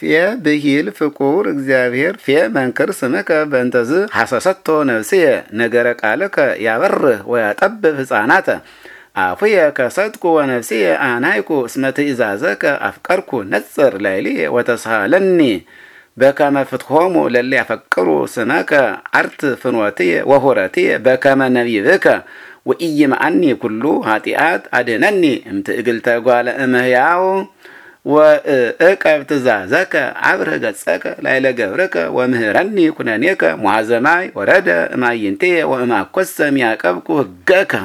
ፌ ብሂል ፍቁር እግዚአብሔር ፌ መንክር ስምከ በእንተዝ ሐሰሰቶ ነፍስየ ነገረ ቃልከ ያበርህ ወያጠብብ ህፃናተ አፉየ ከሰጥኩ ወነፍስየ አናይኩ እስመ ትእዛዘከ አፍቀርኩ ነጽር ላይልየ ወተሳለኒ በከመ ፍትሆሙ ለሊ ያፈቅሩ ስመከ አርት ፍኖትየ ወሁረትየ በከመ ነቢብከ ወኢይምአኒ ኩሉ ኃጢአት አድኅነኒ እምትእግልተ ጓለ እምህያው ወእቀብ ትእዛዘከ አብረ ገጸከ ላይለ ገብርከ ወምህረኒ ኩነኔከ ሙሐዘማይ ወረደ እማይንቴ ወእማኮሰ ሚያቀብኩ ህገከ